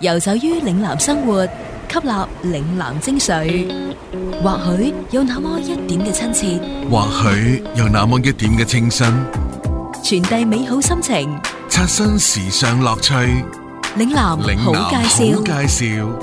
遊走於嶺南生活，吸納嶺南精髓，或許有那麼一點嘅親切，或許有那麼一點嘅清新，傳遞美好心情，刷新時尚樂趣。嶺南好介紹。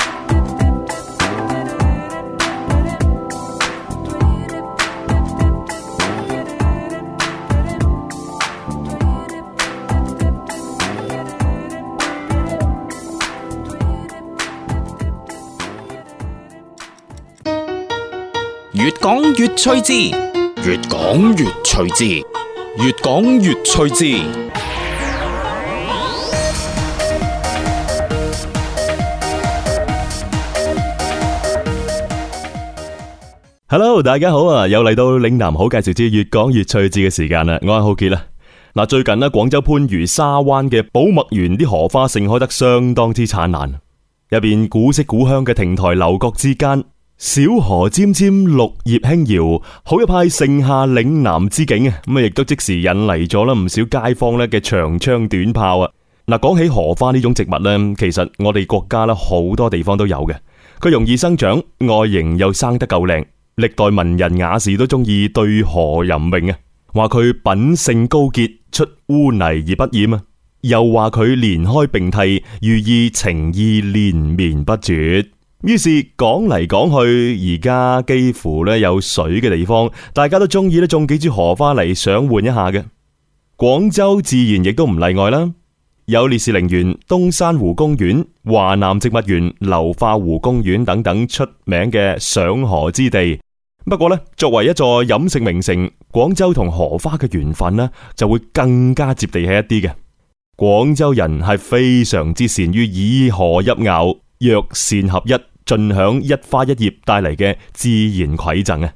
越趣致，越講越趣致，越講越趣致。Hello，大家好啊！又嚟到嶺南好介紹之越講越趣致嘅時間啦！我係浩傑啦。嗱，最近咧，廣州番禺沙灣嘅寶墨園啲荷花盛開得相當之燦爛，入邊古色古香嘅亭台樓閣之間。小荷尖尖，綠葉輕搖，好一派盛夏嶺南之景啊！咁啊，亦都即時引嚟咗啦，唔少街坊咧嘅長槍短炮啊！嗱，講起荷花呢種植物咧，其實我哋國家咧好多地方都有嘅，佢容易生長，外形又生得夠靚，歷代文人雅士都中意對荷吟詠啊，話佢品性高潔，出污泥而不染啊，又話佢連開並蒂，寓意情意連綿不絕。於是講嚟講去，而家幾乎咧有水嘅地方，大家都中意咧種幾株荷花嚟，想換一下嘅。廣州自然亦都唔例外啦，有烈士陵園、東山湖公園、華南植物園、流花湖公園等等出名嘅賞荷之地。不過呢，作為一座飲食名城，廣州同荷花嘅緣分呢，就會更加接地氣一啲嘅。廣州人係非常之善於以荷入肴，藥膳合一。盡享一花一葉帶嚟嘅自然饋贈啊！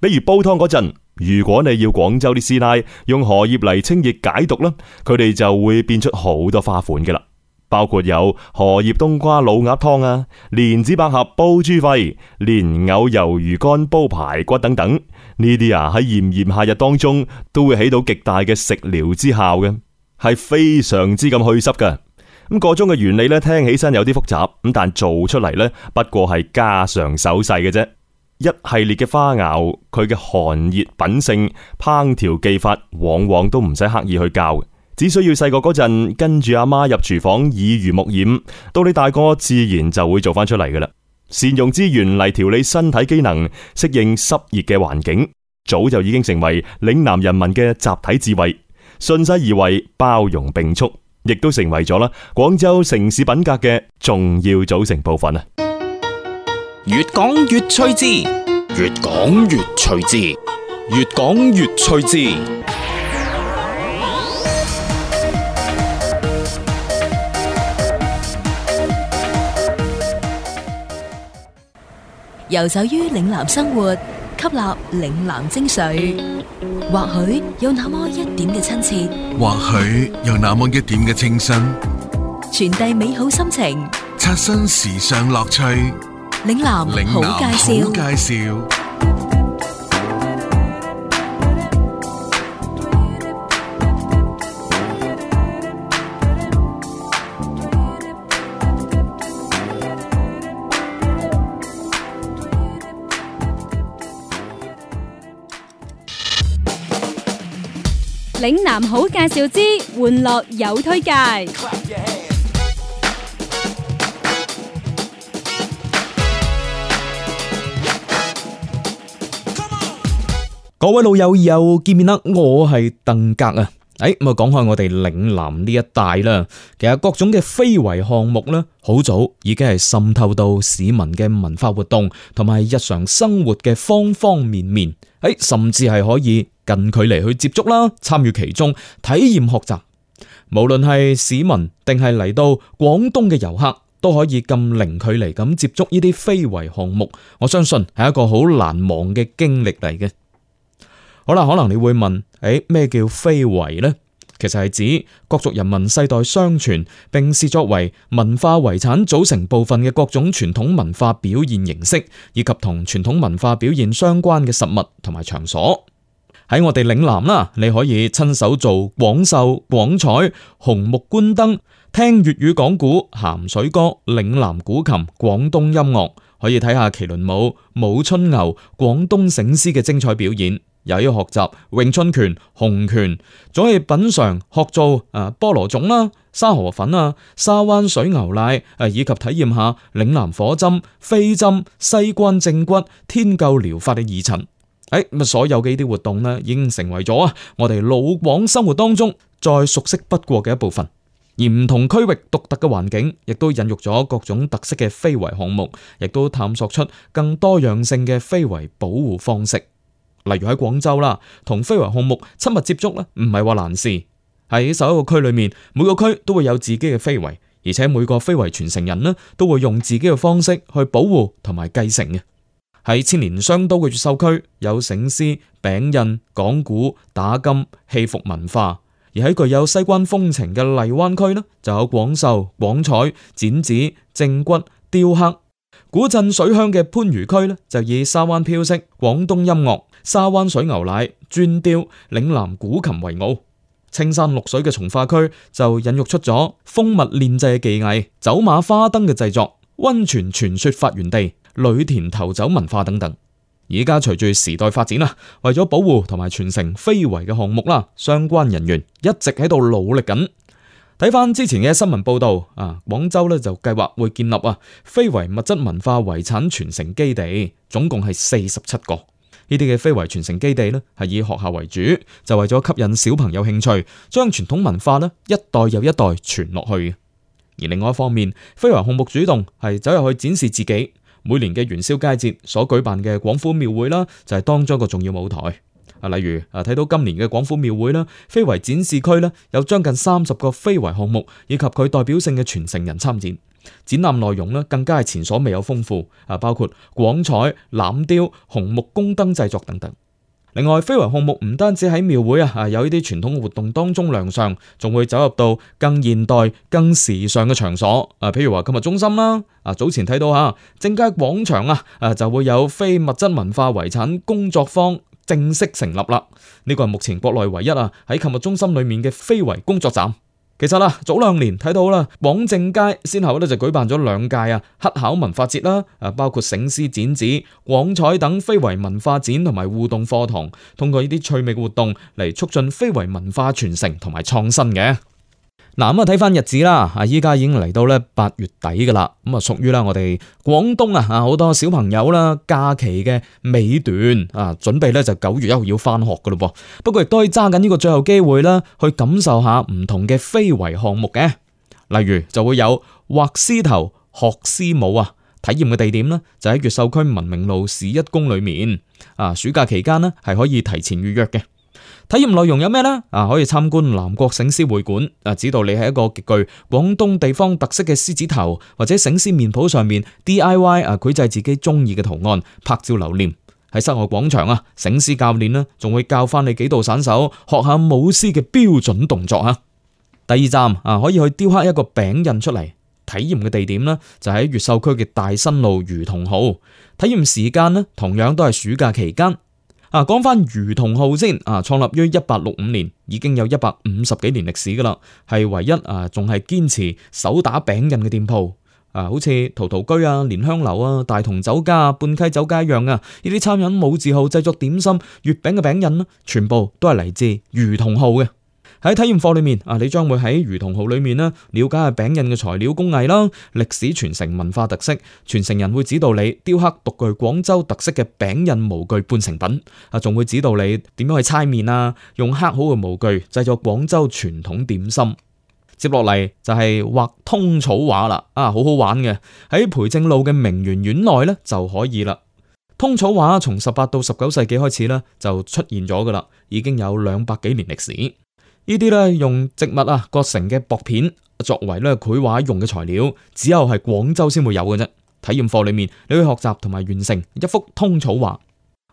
比如煲湯嗰陣，如果你要廣州啲師奶用荷葉嚟清熱解毒啦，佢哋就會變出好多花款㗎啦，包括有荷葉冬瓜老鴨湯啊、蓮子百合煲豬肺、蓮藕魷魚乾煲排骨等等，呢啲啊喺炎炎夏日當中都會起到極大嘅食療之效嘅，係非常之咁去濕㗎。咁個中嘅原理咧，聽起身有啲複雜，咁但做出嚟咧，不過係家常手勢嘅啫。一系列嘅花肴，佢嘅寒熱品性、烹調技法，往往都唔使刻意去教，只需要細個嗰陣跟住阿媽入廚房耳濡目染，到你大個自然就會做翻出嚟㗎喇。善用資源嚟調理身體機能，適應濕熱嘅環境，早就已經成為嶺南人民嘅集體智慧。順勢而為，包容并蓄。亦都成為咗啦，廣州城市品格嘅重要組成部分啊！越講越趣致，越講越趣致，越講越趣致。游走於嶺南生活。吸納嶺南精髓，或許有那麼一點嘅親切，或許有那麼一點嘅清新，傳遞美好心情，刷新時尚樂趣。嶺南好介紹，嶺南好介紹。嶺南好介紹之，玩樂有推介。各位老友又見面啦，我係鄧格啊。誒，咁啊講開我哋嶺南呢一帶啦，其實各種嘅非遺項目咧，好早已經係滲透到市民嘅文化活動同埋日常生活嘅方方面面，誒，甚至係可以。近距離去接觸啦，參與其中，體驗學習。無論係市民定係嚟到廣東嘅遊客，都可以咁零距離咁接觸呢啲非遺項目。我相信係一個好難忘嘅經歷嚟嘅。好啦，可能你會問，誒、欸、咩叫非遺呢？其實係指各族人民世代相傳，並視作為文化遺產組成部分嘅各種傳統文化表現形式，以及同傳統文化表現相關嘅實物同埋場所。喺我哋嶺南啦，你可以親手做廣繡、廣彩、紅木宮燈，聽粵語講古、鹹水歌、嶺南古琴、廣東音樂，可以睇下麒麟舞、舞春牛、廣東醒獅嘅精彩表演，又要以學習詠春拳、洪拳，仲可以品嘗、學做啊波羅粽啦、沙河粉啊、沙灣水牛奶，誒、啊、以及體驗下嶺南火針、飛針、西關正骨、天灸療法嘅義診。誒，咁、哎、所有嘅呢啲活動咧，已經成為咗我哋老廣生活當中再熟悉不過嘅一部分。而唔同區域獨特嘅環境，亦都孕育咗各種特色嘅非遺項目，亦都探索出更多樣性嘅非遺保護方式。例如喺廣州啦，同非遺項目親密接觸咧，唔係話難事。喺首一個區裏面，每個區都會有自己嘅非遺，而且每個非遺傳承人咧，都會用自己嘅方式去保護同埋繼承嘅。喺千年商都嘅越秀區，有醒獅、餅印、講古、打金、戲服文化；而喺具有西關風情嘅荔灣區呢就有廣繡、廣彩、剪紙、正骨、雕刻；古鎮水鄉嘅番禺區呢就以沙灣飄色、廣東音樂、沙灣水牛奶、磚雕、嶺南古琴為傲；青山綠水嘅從化區就孕育出咗蜂蜜煉製嘅技藝、走馬花燈嘅製作、溫泉傳說發源地。呂田逃走文化等等，而家隨住時代發展啦，為咗保護同埋傳承非遺嘅項目啦，相關人員一直喺度努力緊。睇翻之前嘅新聞報道啊，廣州咧就計劃會建立啊非遺物質文化遺產傳承基地，總共係四十七個。呢啲嘅非遺傳承基地呢，係以學校為主，就為咗吸引小朋友興趣，將傳統文化呢一代又一代傳落去。而另外一方面，非遺項目主動係走入去展示自己。每年嘅元宵佳節所舉辦嘅廣府廟會啦，就係當中一個重要舞台。啊，例如啊，睇到今年嘅廣府廟會啦，非遺展示區咧有將近三十個非遺項目以及佢代表性嘅傳承人參展。展覽內容呢，更加係前所未有豐富，啊，包括廣彩、欖雕、紅木宮燈製作等等。另外，非遺項目唔單止喺廟會啊，有呢啲傳統活動當中亮相，仲會走入到更現代、更時尚嘅場所啊，譬如話購物中心啦，啊早前睇到吓正佳廣場啊，啊就會有非物質文化遺產工作坊正式成立啦，呢個係目前國內唯一啊喺購物中心裏面嘅非遺工作站。其實啦，早兩年睇到啦，廣正街先後咧就舉辦咗兩屆啊乞巧文化節啦，啊包括醒獅、剪紙、廣彩等非遺文化展同埋互動課堂，通過呢啲趣味活動嚟促進非遺文化傳承同埋創新嘅。嗱，咁啊睇翻日子啦，啊依家已經嚟到咧八月底噶啦，咁啊屬於啦我哋廣東啊啊好多小朋友啦假期嘅尾段啊，準備咧就九月一號要翻學噶咯，不過亦都可以揸緊呢個最後機會啦，去感受下唔同嘅非遺項目嘅，例如就會有畫獅頭、學獅舞啊，體驗嘅地點呢，就喺越秀區文明路市一宮裏面，啊暑假期間呢，係可以提前預約嘅。體驗內容有咩呢？啊，可以參觀南國醒獅會館，啊，指導你喺一個極具廣東地方特色嘅獅子頭或者醒獅面譜上面 DIY 啊，繪製自己中意嘅圖案，拍照留念。喺室外廣場啊，醒獅教練呢仲會教翻你幾度散手，學下舞獅嘅標準動作啊。第二站啊，可以去雕刻一個餅印出嚟。體驗嘅地點呢就喺越秀區嘅大新路余同號。體驗時間呢同樣都係暑假期間。啊，講翻魚同號先，啊，創立於一八六五年，已經有一百五十幾年歷史噶啦，係唯一啊，仲係堅持手打餅印嘅店鋪，啊，好似陶陶居啊、蓮香樓啊、大同酒家、半溪酒家一樣啊，呢啲餐飲老字號製作點心、月餅嘅餅印啦，全部都係嚟自魚同號嘅。喺體驗課裏面啊，你將會喺餘同號裏面呢，瞭解阿餅印嘅材料工藝啦、歷史傳承文化特色，傳承人會指導你雕刻獨具廣州特色嘅餅印模具半成品啊，仲會指導你點樣去搓麵啊，用刻好嘅模具製作廣州傳統點心。接落嚟就係畫通草畫啦，啊，好好玩嘅！喺培正路嘅明園院內咧就可以啦。通草畫從十八到十九世紀開始呢，就出現咗㗎喇，已經有兩百幾年歷史。呢啲咧用植物啊割成嘅薄片作為咧繪畫用嘅材料，只有係廣州先會有嘅啫。體驗課裏面，你去學習同埋完成一幅通草畫，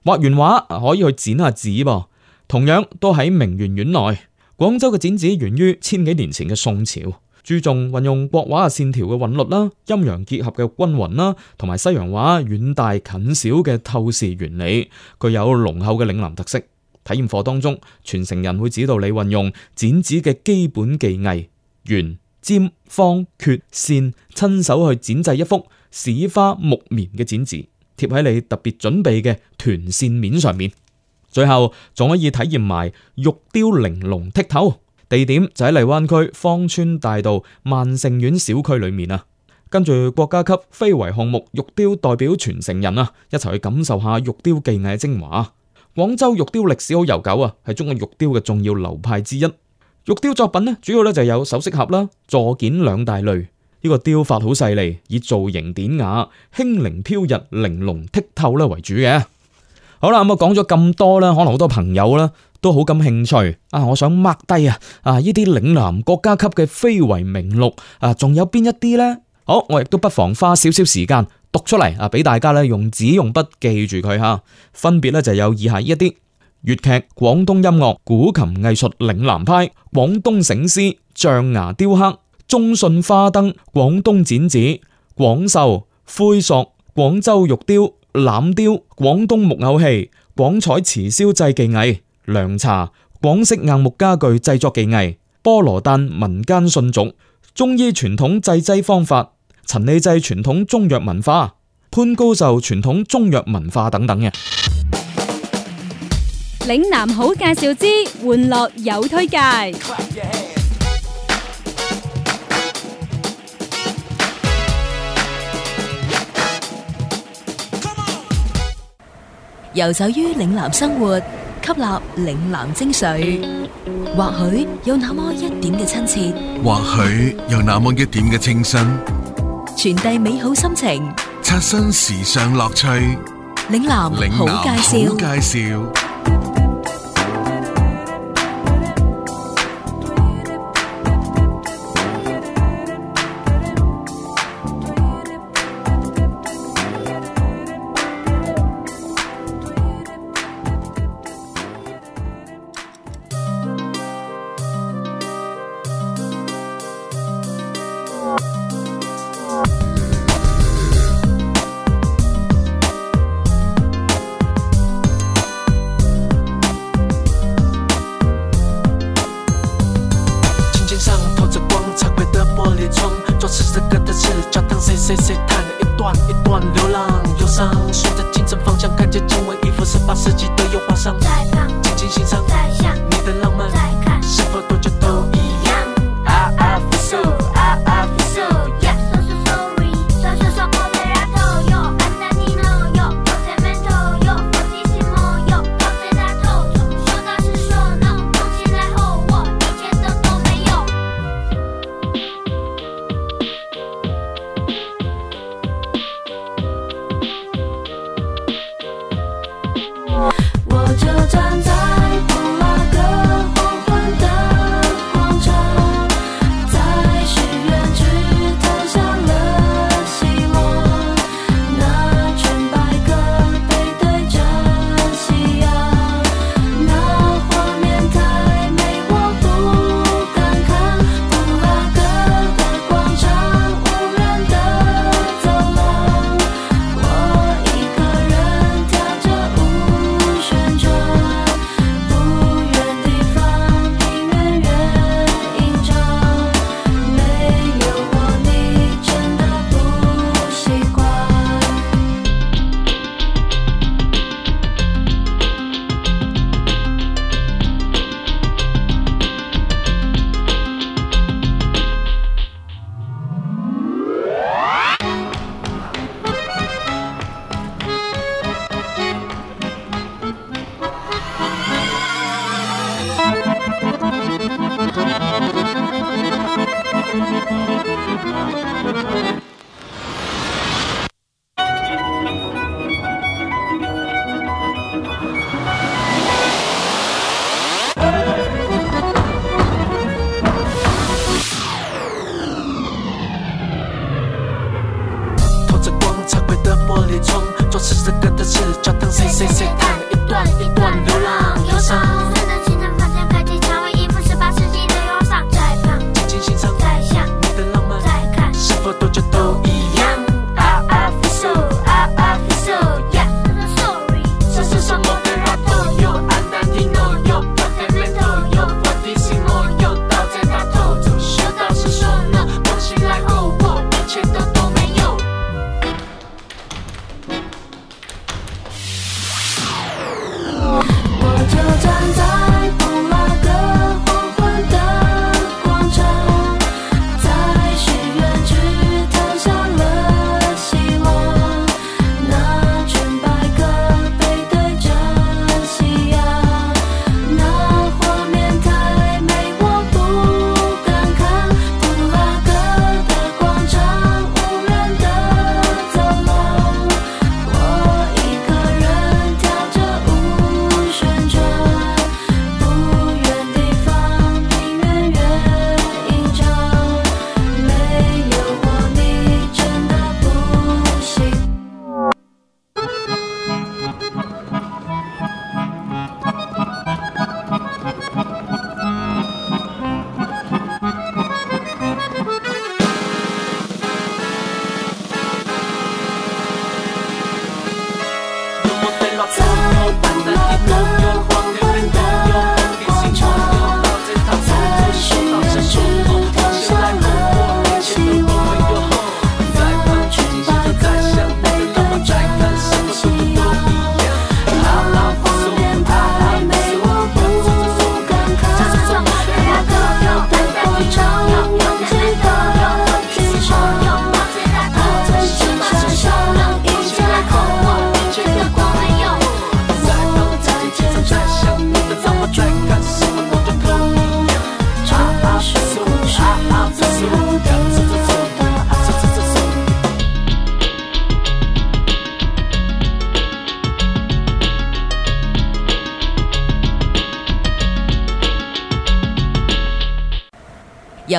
畫完畫可以去剪下紙噃。同樣都喺明園院內，廣州嘅剪紙源於千幾年前嘅宋朝，注重運用國畫線條嘅韻律啦、陰陽結合嘅均勻啦，同埋西洋畫遠大近小嘅透視原理，具有濃厚嘅嶺南特色。體驗課當中，傳承人會指導你運用剪紙嘅基本技藝，圓、尖、方、缺、線，親手去剪製一幅市花木棉嘅剪紙，貼喺你特別準備嘅團扇面上面。最後，仲可以體驗埋玉雕，雕玲瓏剔透。地點就喺荔灣區芳村大道萬盛苑小區裏面啊。跟住國家級非遺項目玉雕代表傳承人啊，一齊去感受下玉雕技藝嘅精華。廣州玉雕歷史好悠久啊，係中國玉雕嘅重要流派之一。玉雕作品呢，主要咧就有首飾盒啦、座件兩大類。呢、呢個雕法好細膩，以造型典雅、輕靈飄逸、玲瓏剔透咧為主嘅。好啦，咁我講咗咁多啦，可能好多朋友啦都好感興趣啊。我想 mark 低啊啊！呢啲嶺南國家級嘅非遺名錄啊，仲有邊一啲呢？好，我亦都不妨花少少時間讀出嚟啊，俾大家用紙用筆記住佢哈。分別呢就有以下一啲粵劇、廣東音樂、古琴藝術、嶺南派、廣東醒獅、象牙雕刻、中信花燈、廣東剪紙、廣繡、灰塑、廣州玉雕、欖雕、廣東木偶戲、廣彩瓷燒製技藝、涼茶、廣式硬木家具製作技藝、波羅誕、民間信俗、中醫傳統製劑方法。陳李濟傳統中藥文化，潘高壽傳統中藥文化等等嘅。嶺南好介紹之，玩樂有推介。遊走於嶺南生活，吸納嶺南精髓，或許有那麼一點嘅親切，或許有那麼一點嘅清新。傳遞美好心情，刷新時尚樂趣。嶺南好介紹。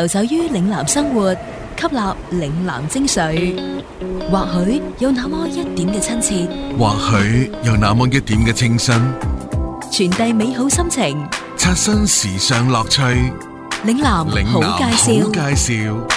遊走於嶺南生活，吸納嶺南精髓，或許有那麼一點嘅親切，或許有那麼一點嘅清新，傳遞美好心情，刷新時尚樂趣。嶺南好介紹。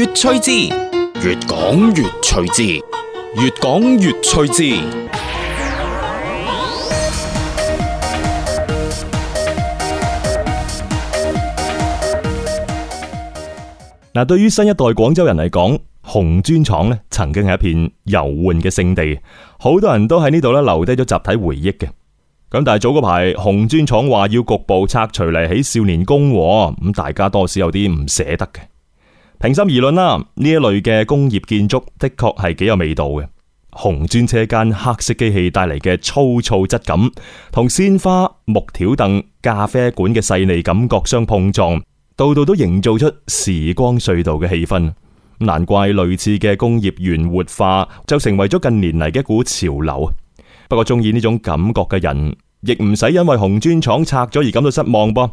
越趣字，越講越趣字，越講越趣字。嗱，對於新一代廣州人嚟講，紅專廠咧曾經係一片遊玩嘅聖地，好多人都喺呢度咧留低咗集體回憶嘅。咁但係早嗰排紅專廠話要局部拆除嚟起少年宮，咁大家多少有啲唔捨得嘅。平心而論啦，呢一類嘅工業建築的確係幾有味道嘅。紅磚車間、黑色機器帶嚟嘅粗糙質感，同鮮花、木條凳、咖啡館嘅細膩感覺相碰撞，到度都營造出時光隧道嘅氣氛。難怪類似嘅工業園活化就成為咗近年嚟嘅一股潮流。不過中意呢種感覺嘅人，亦唔使因為紅磚廠拆咗而感到失望噃，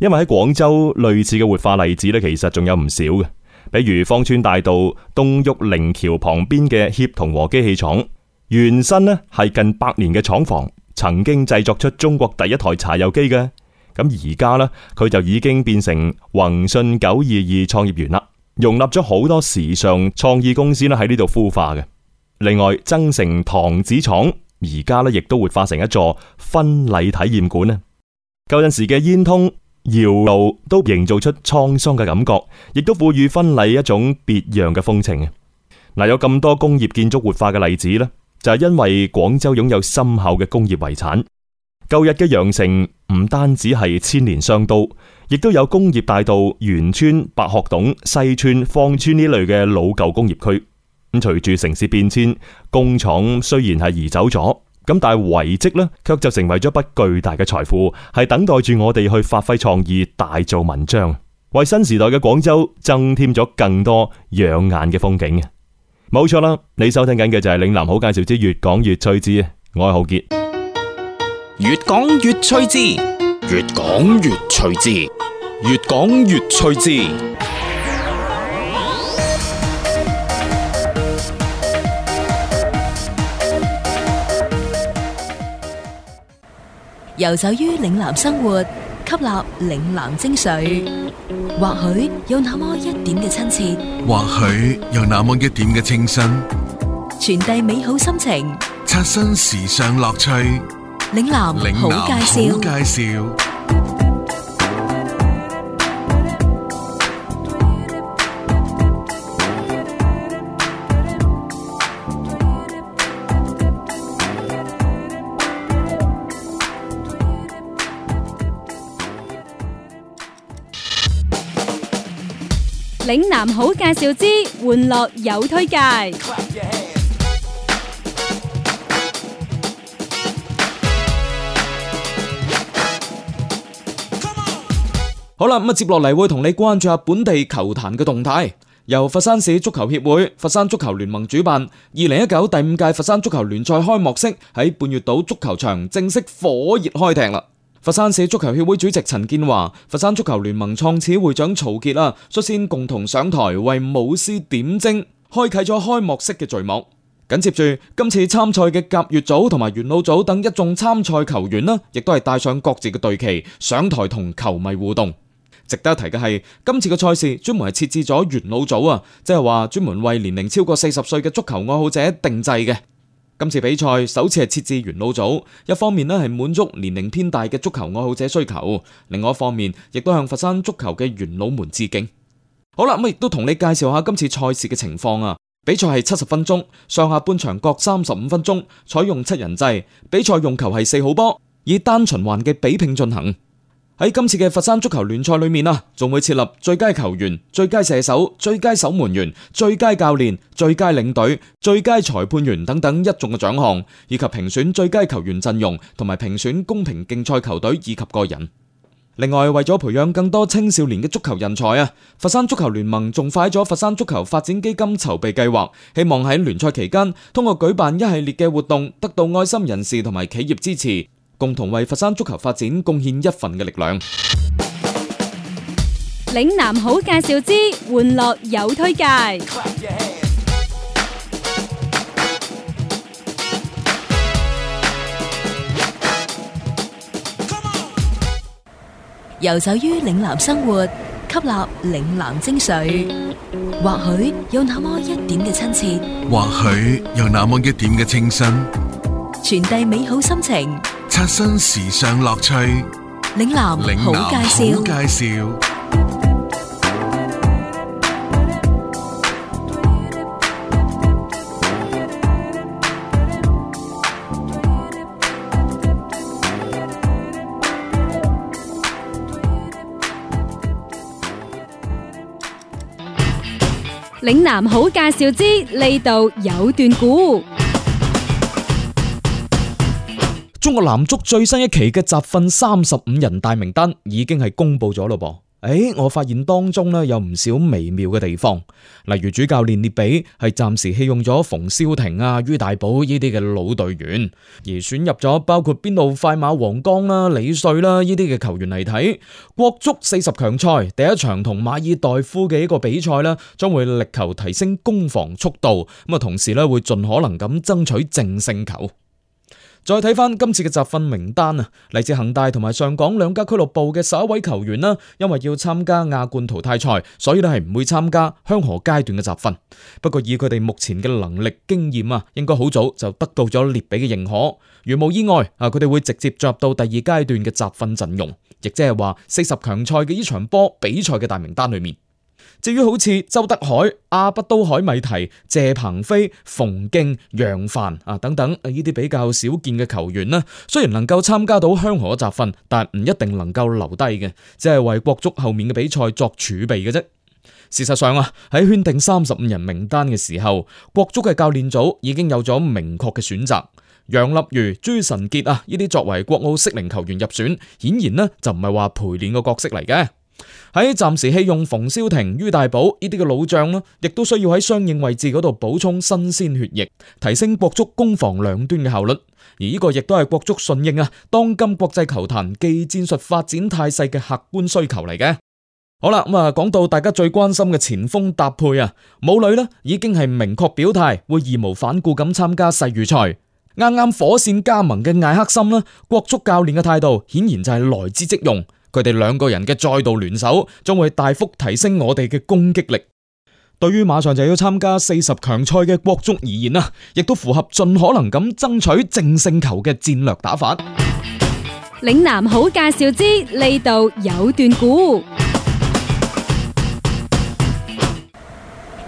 因為喺廣州類似嘅活化例子咧，其實仲有唔少嘅。比如芳村大道東旭凌橋旁邊嘅協同和機器廠，原身呢係近百年嘅廠房，曾經製作出中國第一台柴油機嘅，咁而家呢，佢就已經變成宏信九二二創業園啦，容納咗好多時尚創意公司啦，喺呢度孵化嘅。另外，增城糖紙廠而家呢，亦都活化成一座婚禮體驗館啊！舊陣時嘅煙通窯路都營造出滄桑嘅感覺，亦都賦予婚禮一種別樣嘅風情。嗱，有咁多工業建築活化嘅例子呢，就係因為廣州擁有深厚嘅工業遺產。舊日嘅羊城唔單止係千年商都，亦都有工業大道、員村、白鶴洞、西村、芳村呢類嘅老舊工業區。咁隨住城市變遷，工廠雖然係移走咗。咁但係遺跡咧，卻就成為咗一筆巨大嘅財富，係等待住我哋去發揮創意，大做文章，為新時代嘅廣州增添咗更多養眼嘅風景嘅。冇錯啦，你收聽緊嘅就係嶺南好介紹之越講越趣之，我係浩杰，越講越趣之，越講越趣之，越講越趣之。遊走於嶺南生活，吸納嶺南精髓，或許有那麼一點嘅親切，或許有那麼一點嘅清新，傳遞美好心情，刷新時尚樂趣。嶺南好介紹。嶺南好介紹之，玩樂有推介。好啦，咁啊，接落嚟會同你關注下本地球壇嘅動態。由佛山市足球協會、佛山足球聯盟主辦，二零一九第五屆佛山足球聯賽開幕式喺半月島足球場正式火熱開踢啦！佛山市足球協會主席陳建華、佛山足球聯盟創始會長曹杰啊，率先共同上台為舞獅點睛，開啟咗開幕式嘅序幕。緊接住，今次參賽嘅甲乙組同埋元老組等一眾參賽球員啦，亦都係帶上各自嘅隊旗上台同球迷互動。值得一提嘅係，今次嘅賽事專門係設置咗元老組啊，即係話專門為年齡超過四十歲嘅足球愛好者定制嘅。今次比賽首次係設置元老組，一方面呢係滿足年齡偏大嘅足球愛好者需求，另外一方面亦都向佛山足球嘅元老們致敬。好啦，咁亦都同你介紹下今次賽事嘅情況啊！比賽係七十分鐘，上下半場各三十五分鐘，採用七人制，比賽用球係四號波，以單循環嘅比拼進行。喺今次嘅佛山足球聯賽裏面啊，仲會設立最佳球員、最佳射手、最佳守門員、最佳教練、最佳領隊、最佳裁判員等等一眾嘅獎項，以及評選最佳球員陣容，同埋評選公平競賽球隊以及個人。另外，為咗培養更多青少年嘅足球人才啊，佛山足球聯盟仲快咗佛山足球發展基金籌備計劃，希望喺聯賽期間通過舉辦一系列嘅活動，得到愛心人士同埋企業支持。共同為佛山足球發展貢獻一份嘅力量。嶺南好介紹之，玩樂有推介。游走於嶺南生活，吸納嶺南精髓。或許有那麼一點嘅親切，或許有那麼一點嘅清新，傳遞美好心情。刷新時尚樂趣，嶺南好介紹。嶺南好介紹之，呢度有段古。中國男足最新一期嘅集訓三十五人大名單已經係公布咗咯噃，誒、哎，我發現當中呢有唔少微妙嘅地方，例如主教練列比係暫時棄用咗馮瀟霆啊、于大寶呢啲嘅老隊員，而選入咗包括邊路快馬王剛啦、啊、李帥啦呢啲嘅球員嚟睇。國足四十強賽第一場同馬爾代夫嘅一個比賽呢，將會力求提升攻防速度，咁啊，同時呢會盡可能咁爭取淨勝球。再睇翻今次嘅集訓名單啊，嚟自恒大同埋上港兩家俱樂部嘅十一位球員啦，因為要參加亞冠淘汰賽，所以咧係唔會參加香河階段嘅集訓。不過以佢哋目前嘅能力經驗啊，應該好早就得到咗列比嘅認可。如無意外啊，佢哋會直接進入到第二階段嘅集訓陣容，亦即係話四十強賽嘅呢場波比賽嘅大名單裏面。至於好似周德海、阿不都海米提、謝鵬飛、馮敬、楊帆啊等等呢啲比較少見嘅球員呢，雖然能夠參加到香河集訓，但唔一定能夠留低嘅，只係為國足後面嘅比賽作儲備嘅啫。事實上啊，喺圈定三十五人名單嘅時候，國足嘅教練組已經有咗明確嘅選擇，楊立瑜、朱晨杰啊呢啲作為國奧適齡球員入選，顯然呢就唔係話陪練嘅角色嚟嘅。喺暫時棄用馮瀟霆、于大寶呢啲嘅老將呢，亦都需要喺相應位置嗰度補充新鮮血液，提升國足攻防兩端嘅效率。而呢個亦都係國足順應啊當今國際球壇技戰術發展態勢嘅客觀需求嚟嘅。好啦，咁啊，講到大家最關心嘅前鋒搭配啊，武磊呢已經係明確表態會義無反顧咁參加世預賽。啱啱火線加盟嘅艾克森呢，國足教練嘅態度顯然就係來之即用。佢哋兩個人嘅再度聯手，將會大幅提升我哋嘅攻擊力。對於馬上就要參加四十強賽嘅國足而言啊，亦都符合盡可能咁爭取正勝球嘅戰略打法。嶺南好介紹之，呢度有段古。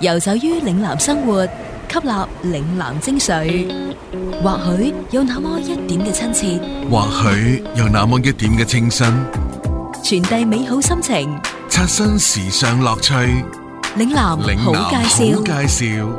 遊走於嶺南生活，吸納嶺南精髓，或許有那麼一點嘅親切，或許有那麼一點嘅清新。傳遞美好心情，刷新時尚樂趣。嶺南好介紹。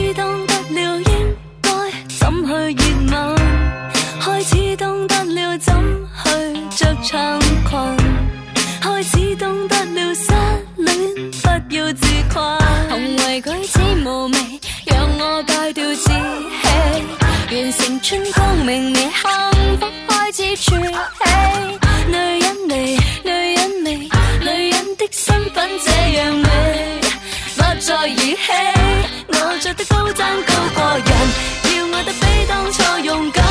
猖狂開始懂得了失戀，不要自誇。行為舉止無味，讓我戒掉自棄。完成春光明媚，幸福開始儲起。女人味，女人味，女人的身份這樣美，不再兒戲。我着得高踭高過人，要愛得比當初勇敢。